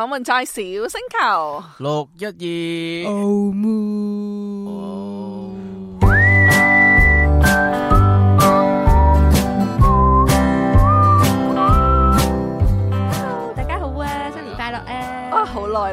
我們在小星球六一二。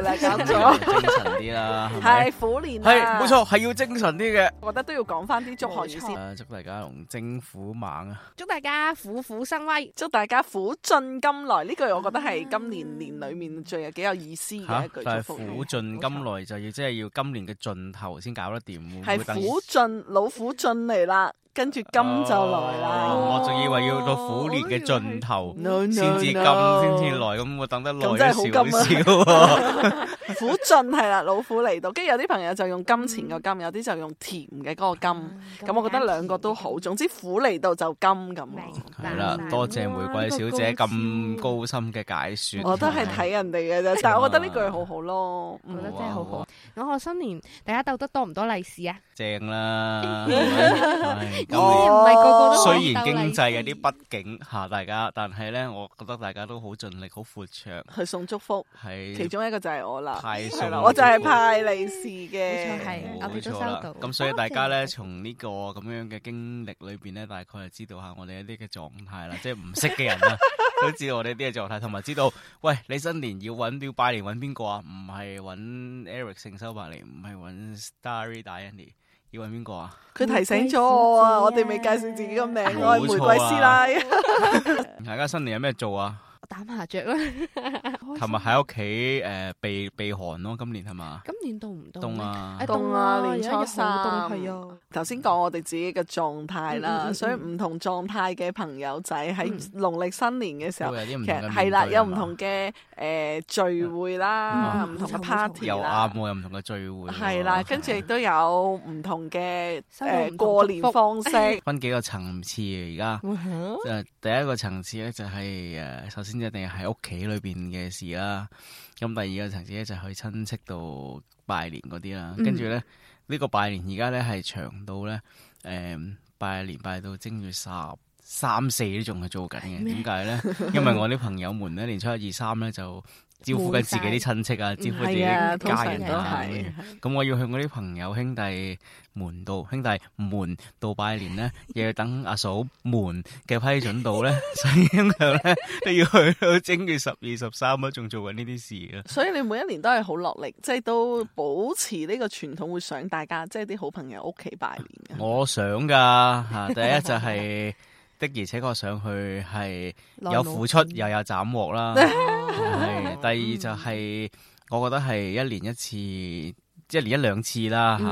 講咗精神啲啦，係苦年啦，係冇錯，係要精神啲嘅。我覺得都要講翻啲祝賀語先。祝大家龍精虎猛啊！祝大家虎虎生威！祝大家苦盡甘來。呢句我覺得係今年年裏面最有幾有意思嘅一句祝福。苦盡甘來就要即係要今年嘅盡頭先搞得掂。係苦盡老虎進嚟啦！跟住金就來啦！Uh, oh, 我仲以為要到苦年嘅盡頭，先至金才，先至來咁，我等得耐都、 啊、少少、啊。 苦盡係啦，老虎嚟到，跟住有啲朋友就用金錢個金，有啲就用甜嘅嗰個甘，咁我覺得兩個都好。總之苦嚟到就金咁，係啦。多謝玫瑰小姐咁高深嘅解說，我都係睇人哋嘅啫，但係我覺得呢句好好咯，我覺得真係好好。我我新年大家斗得多唔多利是啊？正啦，雖然經濟有啲不景下大家，但係咧，我覺得大家都好盡力，好闊綽去送祝福，係其中一個就係我啦。係啦，我就係派利是嘅，冇錯啦。咁所以大家咧，從呢個咁樣嘅經歷裏邊咧，大概係知道下我哋一啲嘅狀態啦。即係唔識嘅人啊，都知道我哋一啲嘅狀態，同埋知道，喂，你新年要揾表拜年揾邊個啊？唔係揾 Eric 盛收伯年，唔係揾 Starry 大 Andy，要揾邊個啊？佢提醒咗我啊，我哋未介紹自己個名，我係玫瑰師奶。大家新年有咩做啊？打麻雀啦！琴日喺屋企誒避避寒咯，今年係嘛？今年凍唔凍？凍啊！凍啊！年初三，係啊，頭先講我哋自己嘅狀態啦，所以唔同狀態嘅朋友仔喺農曆新年嘅時候，其實係啦，有唔同嘅誒聚會啦，唔同嘅 party 啦，又啱喎，有唔同嘅聚會，係啦，跟住亦都有唔同嘅誒過年方式，分幾個層次啊，而家。就第一個層次咧，就係誒首先，一定係屋企裏邊嘅事啦。咁第二個層次咧，就去親戚度拜年嗰啲啦。跟住咧呢、呢個拜年而家咧係長到咧，誒、嗯、拜年拜到正月十。三四都仲係做緊嘅，點解咧？因為我啲朋友們咧，年初一二三咧就招呼緊自己啲親戚啊，招呼自己家人啊，咁我要向我啲朋友兄弟門度兄弟門度拜年咧， 要等阿嫂門嘅批准到咧，所以咁樣咧你要去到正月十二十三啊，仲做緊呢啲事啊。所以你每一年都係好落力，即係都保持呢個傳統，會想大家即係啲好朋友屋企拜年嘅。我想噶吓，第一就係。 的而且確上去係有付出又有斬獲啦。 第二就係、係、我覺得係一年一次，即係一年一兩次啦嚇，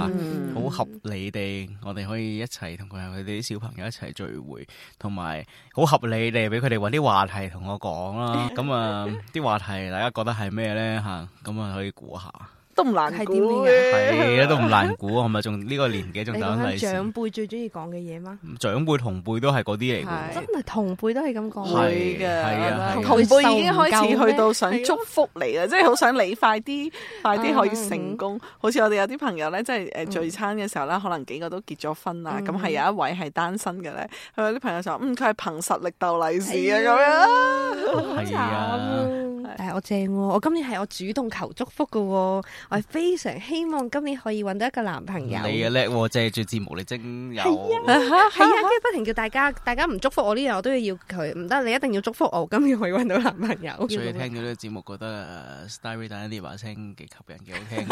好 合理地，我哋可以一齊同佢哋啲小朋友一齊聚會，同埋好合理地俾佢哋揾啲話題同我講啦。咁啊啲話題大家覺得係咩呢？嚇？咁啊可以估下。都唔難係點嘅，係啊都唔難估，係咪仲呢個年紀仲等利是？長輩最中意講嘅嘢嗎？長輩同輩都係嗰啲嚟嘅，真係同輩都係咁講。係嘅，係啊，同輩已經開始去到想祝福你啦，即係好想你快啲，快啲可以成功。好似我哋有啲朋友咧，即係誒聚餐嘅時候啦，可能幾個都結咗婚啦，咁係有一位係單身嘅咧，佢有啲朋友就話，嗯，佢係憑實力斗利是啊咁樣，好慘。我正喎，我今年係我主動求祝福嘅喎，我非常希望今年可以揾到一個男朋友。你嘅叻喎，即係做節目你精有。係啊，係啊，跟住不停叫大家，大家唔祝福我呢樣，我都要要佢，唔得，你一定要祝福我，今年可以揾到男朋友。所以聽咗呢個節目，覺得 Starida n i v 聲幾吸引，幾好聽，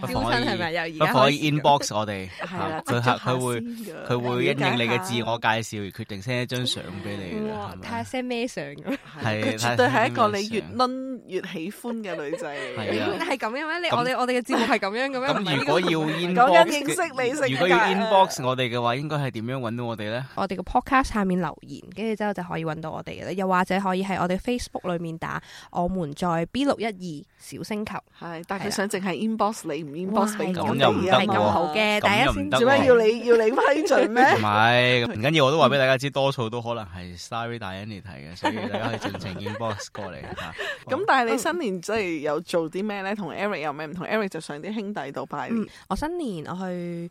不妨可以，不妨可以 inbox 我哋。係啦，佢佢會佢會因應你嘅自我介紹而決定 send 一張相俾你。睇下 send 咩相咁？係，絕對係一個你越喜歡嘅女仔係啊，係咁樣咩？我哋我哋嘅節目係咁樣嘅咩？咁如果要 inbox 講緊認識你。如果要 inbox 我哋嘅話，應該係點樣搵到我哋咧？我哋個 podcast 下面留言，跟住之後就可以搵到我哋嘅啦。又或者可以喺我哋 Facebook 裏面打，我們在 B 六一二小星球。係，但係想淨係 inbox 你唔 inbox 你，咁又唔得喎。咁又唔得，做咩要你要你批准咩？唔係，唔緊要，我都話俾大家知，多數都可能係 Sorry 大 entity 嘅，所以大家係盡情 inbox 過嚟吓。咁但係你新年即係有做啲咩咧？同 Eric 有咩唔同？Eric 就上啲兄弟度拜年，我新年我去。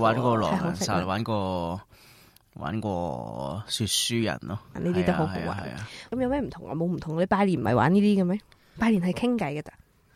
玩個羅蘭殺，玩個玩個說書人咯，呢啲都好好玩。咁有咩唔同啊？冇唔同。你拜年唔係玩呢啲嘅咩？拜年係傾偈嘅咋。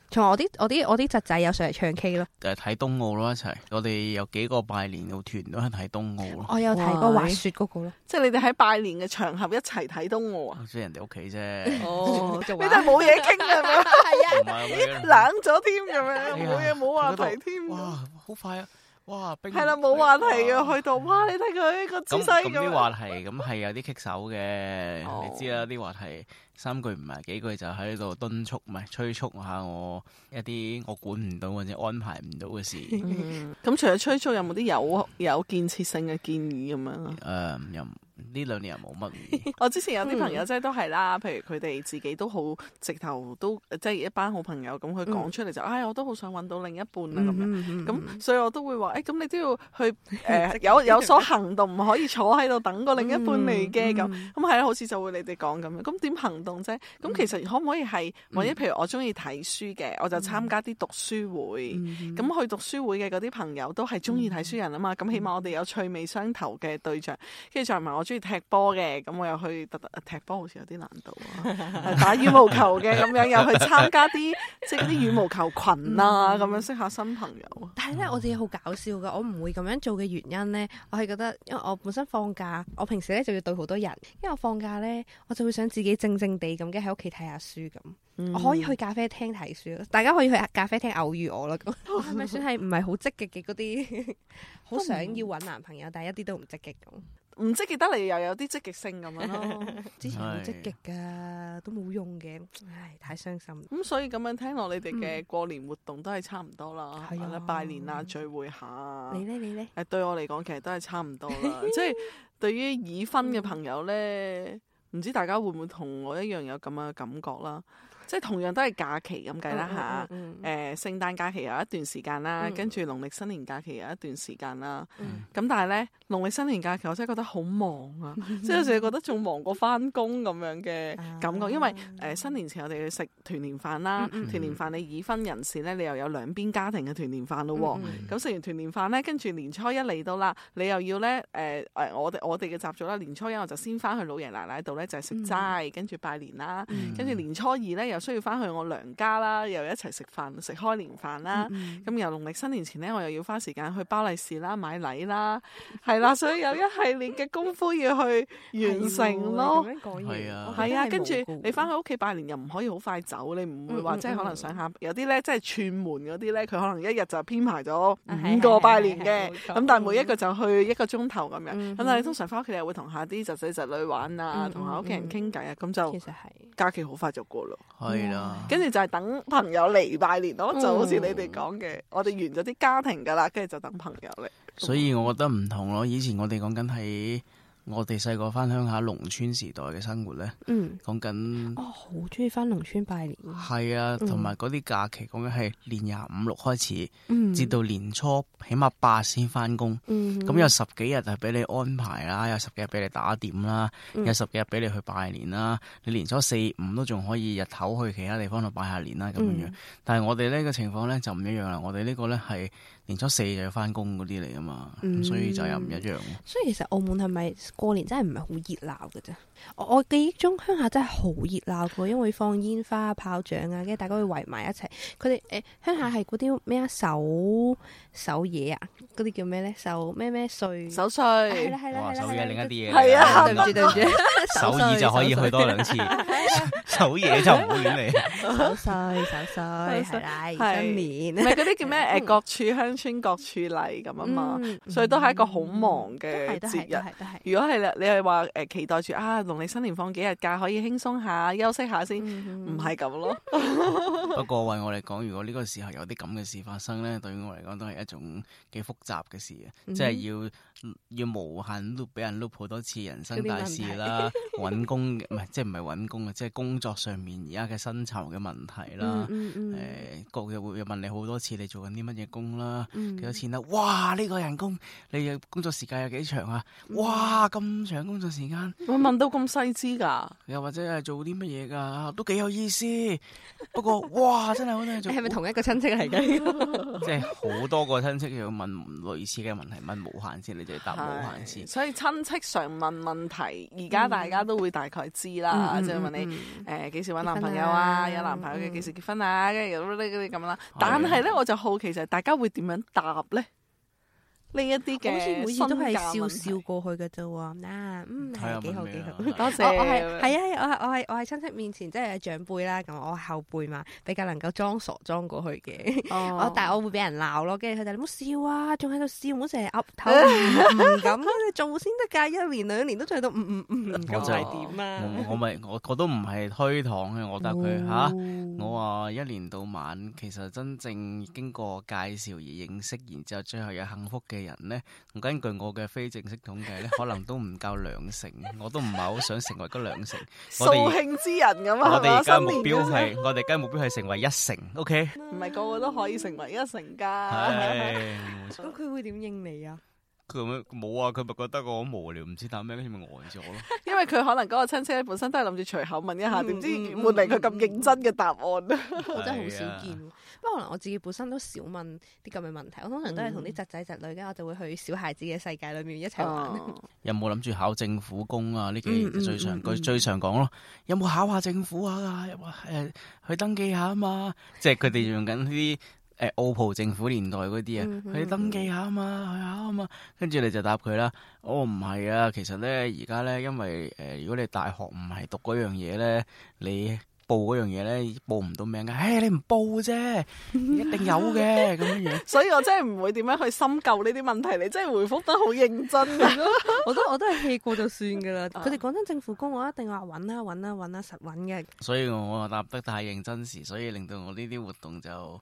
仲有我啲我啲我啲侄仔有上嚟唱 K 咯。就係睇冬奧咯一齊，我哋有幾個拜年嘅團都係睇冬奧咯。我有睇過滑雪嗰個咯，即係你哋喺拜年嘅場合一齊睇冬奧啊！即係人哋屋企啫。你都係冇嘢傾嘅咩？係啊，冷咗添咁樣？冇嘢冇話題添。哇！好快啊！.哇！係啦，冇話題嘅，的去到哇！你睇佢個姿勢咁樣。咁啲話題，咁係 有啲棘手嘅，oh。你知啦。啲話題三句唔係，幾句就喺度敦促，唔係催促下我一啲我管唔到或者安排唔到嘅事。咁、 嗯、除咗催促，有冇啲有有，有建設性嘅建議咁樣誒，又、 嗯。有呢兩年又冇乜。 我之前有啲朋友即係、嗯、都係啦，譬如佢哋自己都好直頭都即係一班好朋友，咁佢講出嚟就，唉、哎，我都好想揾到另一半啦咁、嗯、樣。咁、嗯嗯、所以我都會話，誒、哎，咁你都要去誒、呃、 有有所行動，唔可以坐喺度等個另一半嚟嘅。咁咁係好似就會你哋講咁樣。咁點行動啫？咁其實可唔可以係？或者譬如我中意睇書嘅，我就參加啲讀書會。咁去讀書會嘅嗰啲朋友都係中意睇書人啊嘛。咁起碼我哋有趣味相投嘅對象，跟住再問我。中意踢波嘅，咁我又去特特踢波，好似有啲難度 打羽毛球嘅咁樣， 又去參加啲即係啲羽毛球群啊，咁 樣識下新朋友。但係咧，我自己好搞笑噶，我唔會咁樣做嘅原因咧，我係覺得，因為我本身放假，我平時咧就要對好多人，因為我放假咧，我就會想自己靜靜地咁，跟住喺屋企睇下書咁。嗯、我可以去咖啡廳睇書，大家可以去咖啡廳偶遇我啦。咁係咪算係唔係好積極嘅嗰啲？好 想要搵男朋友，但係一啲都唔積極咁。唔積極得嚟，又有啲積極性咁樣咯。 之前好積極噶，都冇用嘅，唉，太傷心。咁、嗯、所以咁樣聽落，你哋嘅過年活動都係差唔多啦。係啊、嗯，拜年啊，嗯、聚會下。你咧？你咧？誒，對我嚟講，其實都係差唔多啦。即係 對於已婚嘅朋友咧，唔知大家會唔會同我一樣有咁樣嘅感覺啦？即係同樣都係假期咁計啦嚇，誒聖誕假期有一段時間啦，跟住農曆新年假期有一段時間啦。咁但係咧農曆新年假期我真係覺得好忙啊，即係就係覺得仲忙過翻工咁樣嘅感覺，因為誒新年前我哋要食團年飯啦，團年飯你已婚人士咧，你又有兩邊家庭嘅團年飯咯。咁食完團年飯咧，跟住年初一嚟到啦，你又要咧誒誒我哋我哋嘅習俗啦，年初一我就先翻去老爺奶奶度咧就係食齋，跟住拜年啦，跟住年初二咧又需要翻去我娘家啦，又一齊食飯食開年飯啦。咁由農曆新年前呢，我又要花時間去包利是啦、買禮啦，係啦，所以有一系列嘅功夫要去完成咯。點樣講嘢？啊，係啊，跟住你翻去屋企拜年又唔可以好快走，你唔會話即係可能上下有啲咧，即係串門嗰啲咧，佢可能一日就編排咗五個拜年嘅，咁但係每一個就去一個鐘頭咁樣。咁但係通常翻屋企又會同下啲侄仔侄女玩啊，同下屋企人傾偈啊，咁就其實係假期好快就過咯。係啦，跟住、嗯、就係等朋友嚟拜年咯，就是、好似你哋講嘅，嗯、我哋完咗啲家庭噶啦，跟住就等朋友嚟。所以我覺得唔同咯，以前我哋講緊係。我哋細個翻鄉下農村時代嘅生活咧，講緊、嗯，我好中意翻農村拜年。係啊，同埋嗰啲假期講緊係年廿五六開始，至、嗯、到年初起碼八先翻工。咁、嗯、哼有十幾日係俾你安排啦，有十幾日俾你打點啦，有十幾日俾你去拜年啦。嗯、你年初四五都仲可以日頭去其他地方度拜下年啦咁樣樣。嗯、但係我哋呢、這個情況呢，就唔一樣啦。我哋呢個呢係。年初四就要翻工嗰啲嚟啊嘛，所以就又唔一樣。所以其實澳門係咪過年真係唔係好熱鬧嘅啫？我記憶中鄉下真係好熱鬧嘅，因為放煙花炮仗啊，跟住大家會圍埋一齊。佢哋誒鄉下係嗰啲咩啊？守守嘢啊，嗰啲叫咩咧？守咩咩歲？守歲係啦，另一啲嘢係啊，對唔住對唔住，守耳就可以去多兩次，守嘢就唔會嚟。守歲守歲係新年，唔係嗰啲叫咩？誒各處鄉。穿國處理咁啊嘛。嗯、所以都係一個好忙嘅節日。如果係你係話誒，期待住啊，農曆新年放幾日假可以輕鬆下，休息下先，唔係咁咯、 哦。不過為我嚟講，如果呢個時候有啲咁嘅事發生咧，對於我嚟講都係一種幾複雜嘅事啊，即係、嗯、要要無限 loop 俾人 loop 好多次人生大事啦。 揾工嘅，唔係即係唔係揾工嘅，即係工，工作上面而家嘅薪酬嘅問題啦。誒、嗯、個、嗯、日、呃、會問你好多次，你做緊啲乜嘢工啦？幾、嗯、多錢啦、啊？哇！呢、這個人工，你嘅工作時間有幾長啊？哇！咁長工作時間，會問到咁細緻㗎。嗯、又或者係做啲乜嘢㗎？都幾有意思。 不過，哇！真係好聽。你係咪同一個親戚嚟嘅？ 即係好多個親戚要問類似嘅問題，問無限次，你就答無限次。所以親戚常問問題，而家大家、嗯。嗯都會大概知啦，即係、嗯、哼問你誒，幾、呃、時搵男朋友啊？啊有男朋友嘅幾時結婚啊？跟住咁啦。但係咧，是的 我就好奇就係大家會點樣答咧？呢一啲嘅，好似每次都係笑，笑笑過去嘅啫喎。嗱、啊，嗯，係幾好幾好，多謝，謝我係係啊，我係我係我係親戚面前，即係長輩啦。咁我後輩嘛，比較能夠裝傻裝過去嘅。但係我會俾人鬧咯，跟住佢哋，你冇笑啊，仲喺度笑，唔好成日噏頭唔咁，嗯、做先得㗎。一年兩年都做到唔唔唔咁係點啊？我咪我我都唔係推搪嘅，我覺得佢嚇。我話一年到晚，其實真正經過介紹而認識，然之後最後有幸福嘅。人咧，根據我嘅非正式統計咧，可能都唔夠兩成，我都唔係好想成為嗰兩成，掃興 之人咁啊！我哋而家目標係，我哋而家目標係成為一成，OK？唔係 個個都可以成為一成噶，咁佢會點應你啊？佢冇啊！佢咪覺得我好無聊，唔知答咩，跟住咪呆咗咯。 因為佢可能嗰個親戚本身都係諗住隨口問一下，點知換嚟佢咁認真嘅答案，嗯、 我真係好少見。嗯、不過可能我自己本身都少問啲咁嘅問題，我通常都係同啲侄仔侄女咧，我就會去小孩子嘅世界裏面一齊玩。嗯嗯、 有冇諗住考政府工啊？呢幾年最常佢、嗯嗯嗯、最常講咯。有冇考下政府啊？又話誒去登記下啊嘛。即係佢哋用緊啲。 誒，澳葡政府年代嗰啲啊，去登記下啊嘛，去下啊嘛，跟住你就答佢啦。我唔係啊，其實咧而家咧，因為誒，如果你大學唔係讀嗰樣嘢咧，你報嗰樣嘢咧報唔到名嘅。誒，你唔報啫，一定有嘅咁樣。所以我真係唔會點樣去深究呢啲問題，你真係回覆得好認真。我覺得我都係棄過就算噶啦。佢哋講真，政府工我一定話揾啦，揾啦，揾啦，實揾嘅。所以我我答得太認真時，所以令到我呢啲活動就。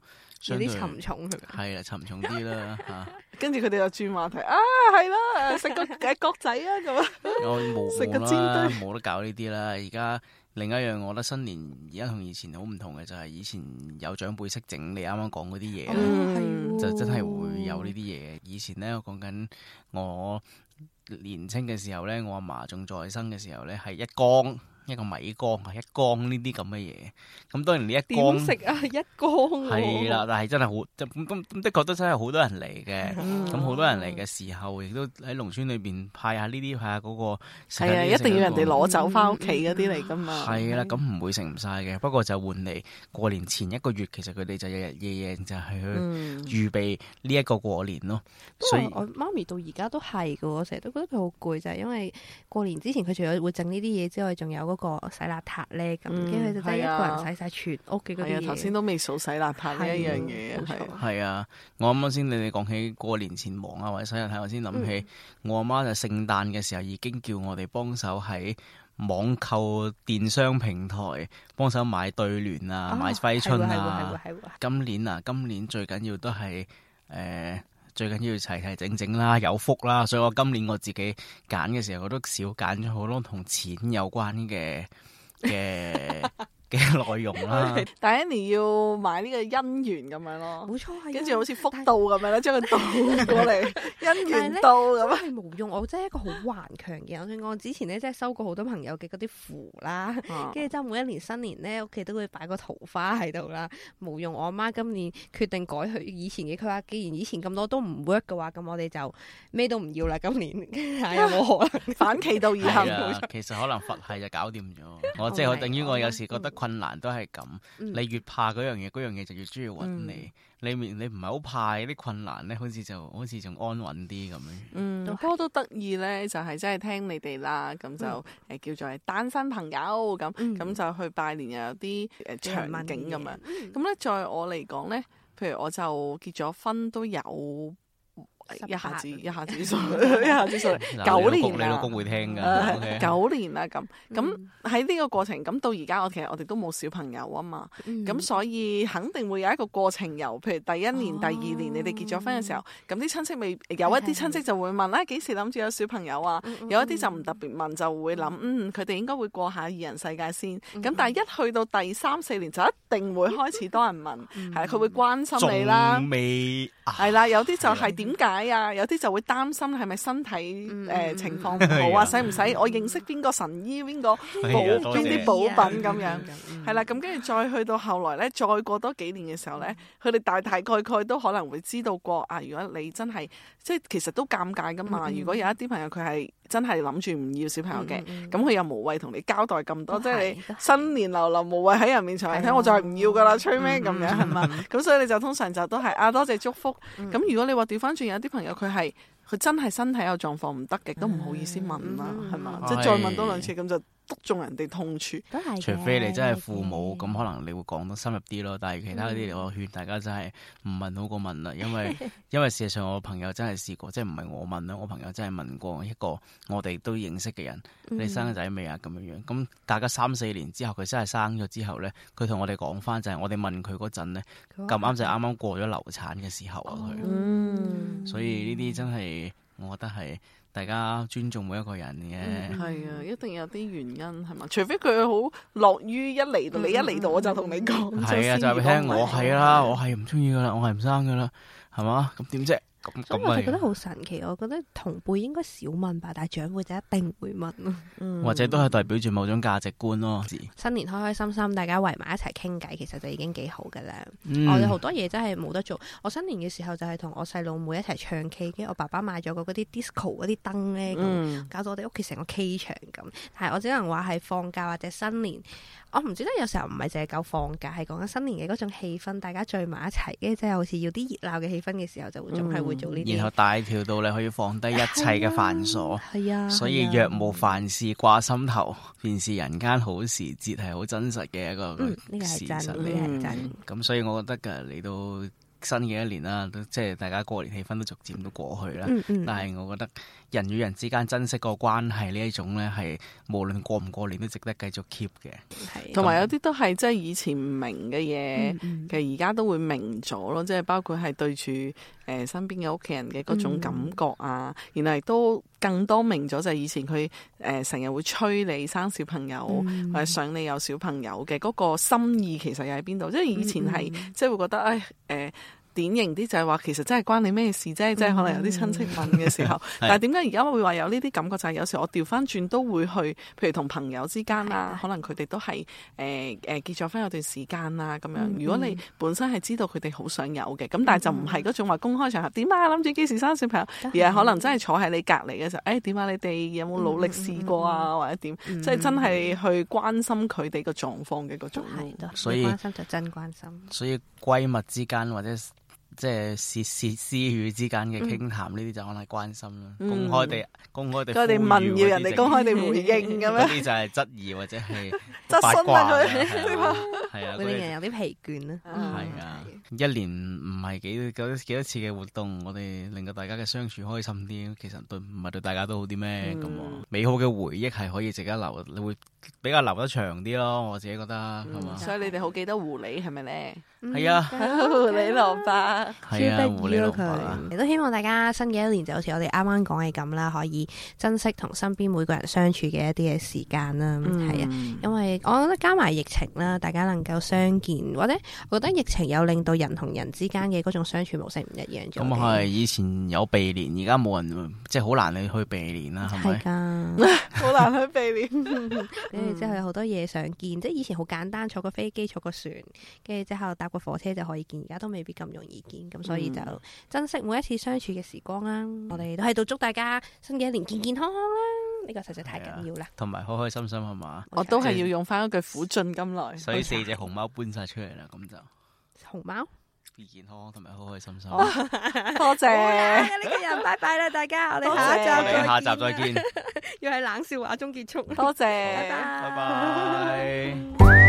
有啲沉重，佢，係啊，沉重啲啦嚇。 啊、跟住佢哋又轉話題，啊，係啦，食個嘅角仔啊咁。我冇啦，食個煎堆，冇得 了搞呢啲啦。而家另一樣，我覺得新年而家同以前好唔同嘅就係，以前有長輩識整，你啱啱講嗰啲嘢，嗯、就真係會有呢啲嘢。嗯嗯、以前咧，我講緊我年青嘅時候咧，我阿嫲仲在生嘅時候咧，係一缸。一個米缸，缸，缸啊，一缸呢啲咁嘅嘢，咁當然你一點食啊一缸係啦，但係真係好咁的確都真係好多人嚟嘅，咁好、嗯、多人嚟嘅時候，亦都喺農村裏邊派，派、嗰個、下呢啲派下嗰個係啊，一定要人哋攞走翻屋企嗰啲嚟噶嘛係啦，咁唔、嗯、 會食唔晒嘅，不過就換嚟過年前一個月，其實佢哋就日日夜夜就係去預備呢一個過年咯。嗯、所以我媽咪到而家都係噶，我成日都覺得佢好攰，就係、是、因為過年之前佢除咗會整呢啲嘢之外，仲有。嗰個洗邋遢咧，咁佢就得一個人洗晒全屋嘅嘢。係啊，頭先都未數洗邋遢呢一樣嘢。係係啊，啊，我啱啱先你哋講起過年前忙啊，或者洗邋遢，嗯、我先諗起我阿媽就聖誕嘅時候已經叫我哋幫手喺網購電商平台幫手買對聯啊，啊買揮春啊。啊啊啊啊今年啊，今年最緊要都係誒。呃最緊要齊齊整整啦，有福啦，所以我今年我自己揀嘅時候，我都少揀咗好多同錢有關嘅嘅。 嘅內容啦，第一年要買呢個姻緣咁樣咯，冇錯，跟住好似福到咁樣咧，將佢倒過嚟，姻緣到咁樣冇用。我真係一個好頑強嘅我想講，我之前咧真係收過好多朋友嘅嗰啲符啦，跟住即係每一年新年咧，屋企都會擺個桃花喺度啦。冇用，我阿媽今年決定改去以前嘅，佢話既然以前咁多都唔 work 嘅話，咁我哋就咩都唔要啦。今年係啊，冇可能反其道而行。其實可能佛系就搞掂咗。我即係等於我有時覺得。困難都係咁，嗯、你越怕嗰樣嘢，嗰樣嘢就越中意揾你。嗯、你明你唔係好怕啲困難咧，好似就好似仲安穩啲咁樣。嗯，哥都，是都得意咧，就係、是、真係聽你哋啦，咁就誒、嗯、叫做係單身朋友咁，咁、嗯、就去拜年又有啲誒場景咁樣。咁咧、嗯，在、嗯嗯、我嚟講咧，譬如我就結咗婚都有。一下子一下子數，一下子數，九年啊！你老公會聽噶，九年啦咁，咁喺呢個過程咁到而家，我其實我哋都冇小朋友啊嘛，咁所以肯定會有一個過程，由譬如第一年、第二年，你哋結咗婚嘅時候，咁啲親戚未有一啲親戚就會問咧，幾時諗住有小朋友啊？有一啲就唔特別問，就會諗，嗯，佢哋應該會過下二人世界先。咁但係一去到第三四年，就一定會開始多人問，係，佢會關心你啦未。係、啊、啦，有啲就係點解啊？有啲就會擔心係咪身體誒、嗯呃、情況唔好啊？使唔使我認識邊個神醫邊個補邊啲補品咁 Yeah, 樣？係、啊嗯、啦，咁跟住再去到後來咧，再過多幾年嘅時候咧，佢哋大大概大概都可能會知道過啊。如果你真係即係，其實都尷尬噶嘛。嗯、如果有一啲朋友佢係。真係諗住唔要小朋友嘅，咁佢又無謂同你交代咁多，即係你新年流流無謂喺人面前你睇，我就係唔要㗎啦，吹咩？咁樣係嘛？咁所以你就通常就都係啊多謝祝福。咁如果你話掉返轉有啲朋友佢係佢真係身體有狀況唔得嘅，都唔好意思問啦，係嘛？即係再問多兩次咁就。戳中人哋痛處，都係除非你真係父母，咁可能你會講得深入啲咯。但係其他啲，我勸大家真係唔問好過問啦。因為 因為事實上我朋友真過即我問，我朋友真係試過，即係唔係我問啦，我朋友真係問過一個我哋都認識嘅人，嗯、你生個仔未啊？咁樣樣咁，大家三四年之後，佢真係生咗之後咧，佢同我哋講翻就係我哋問佢嗰陣咧咁啱就係啱啱過咗流產嘅時候啊，佢。嗯、所以呢啲真係我覺得係。大家尊重每一個人嘅，係啊、嗯，一定有啲原因係嘛，除非佢好樂於一嚟到你、嗯、一嚟到我就同你講，係啊、嗯，就係聽我係啦，我係唔中意噶啦，我係唔生噶啦，係嘛，咁點啫？所以我就覺得好神奇，我覺得同輩應該少問吧，但係長輩就一定會問咯。嗯、或者都係代表住某種價值觀咯。新年開開心心，大家圍埋一齊傾偈，其實就已經幾好噶啦。嗯、我哋好多嘢真係冇得做。我新年嘅時候就係同我細佬妹一齊唱 K，跟住我爸爸買咗個嗰啲 disco 嗰啲燈咧，搞到我哋屋企成個 K 場咁。但係我只能話係放假或者新年，我唔知得有時候唔係淨係講放假，係講緊新年嘅嗰種氣氛，大家聚埋一齊，跟住即係好似要啲熱鬧嘅氣氛嘅時候就、嗯，就會仲係會。然後大條道你可以放低一切嘅繁瑣，係啊，啊啊啊所以若無凡事掛心頭，便是人間好時節，係好真實嘅一個事實嚟。咁所以我覺得嘅嚟到新嘅一年啦，即係大家過年氣氛都逐漸都過去啦。嗯嗯、但係我覺得人與人之間珍惜個關係呢一種呢，係無論過唔過年都值得繼續 keep 嘅。同埋、啊、有啲那都係即係以前唔明嘅嘢，其實而家都會明咗咯，即係包括係對住。誒、呃、身邊嘅屋企人嘅嗰種感覺啊，嗯、原來都更多明咗，就係、是、以前佢誒成日會催你生小朋友，或者、嗯、想你有小朋友嘅嗰個心意，其實又喺邊度？即係以前係、嗯、即係會覺得誒。哎呃典型啲就係話，其實真係關你咩事啫？即係可能有啲親戚問嘅時候，但係點解而家會話有呢啲感覺？就係有時我調翻轉都會去，譬如同朋友之間啦，可能佢哋都係誒誒結咗婚有段時間啦咁樣。如果你本身係知道佢哋好想有嘅，咁但係就唔係嗰種話公開場合點啊？諗住幾時生小朋友，而係可能真係坐喺你隔離嘅時候，誒點啊？你哋有冇努力試過啊？或者點？即係真係去關心佢哋嘅狀況嘅嗰種。所以關心就真關心。所以閨蜜之間或者。即係私私私語之間嘅傾談，呢啲就可能係關心啦。公開地、嗯、公開地，佢哋、嗯、問要人哋公開地回應噉樣？呢啲 就係質疑或者係八卦，係嗎啊，會令人有啲疲倦啦。係、嗯、 啊，一年唔係幾幾幾多次嘅活動，我哋令到大家嘅相處開心啲，其實對唔係對大家都好啲咩？咁、嗯、美好嘅回憶係可以值得留，你會。比較留得長啲咯，我自己覺得、嗯、吧所以你哋好記得狐狸係咪咧？係、嗯、啊，狐狸蘿蔔係啊，狐狸蘿蔔。亦都希望大家新嘅一年就好似我哋啱啱講嘅咁啦，可以珍惜同身邊每個人相處嘅一啲嘅時間啦。係、嗯、啊，因為我覺得加埋疫情啦，大家能夠相見或者我覺得疫情有令到人同人之間嘅嗰種相處模式唔一樣咗。咁係，以前有避年，而家冇人，即係好難去避年啦，係咪？係，好難去避年。 跟住之後有好多嘢想見，即係以前好簡單，坐個飛機坐個船，跟住之後搭個火車就可以見，而家都未必咁容易見，咁、嗯、所以就珍惜每一次相處嘅時光啦。嗯、我哋都喺度祝大家新嘅一年健健康康啦，呢、呢個實在太緊要啦，同埋開開心心係嘛？錯我都係要用翻一句苦盡甘來。就是、所以四隻熊貓搬晒出嚟啦，咁錯就熊貓。健康同埋好開心心，多謝呢個人，拜拜啦大家，我哋下一集再見，下集再見，要係冷笑話中結束，多謝，拜拜。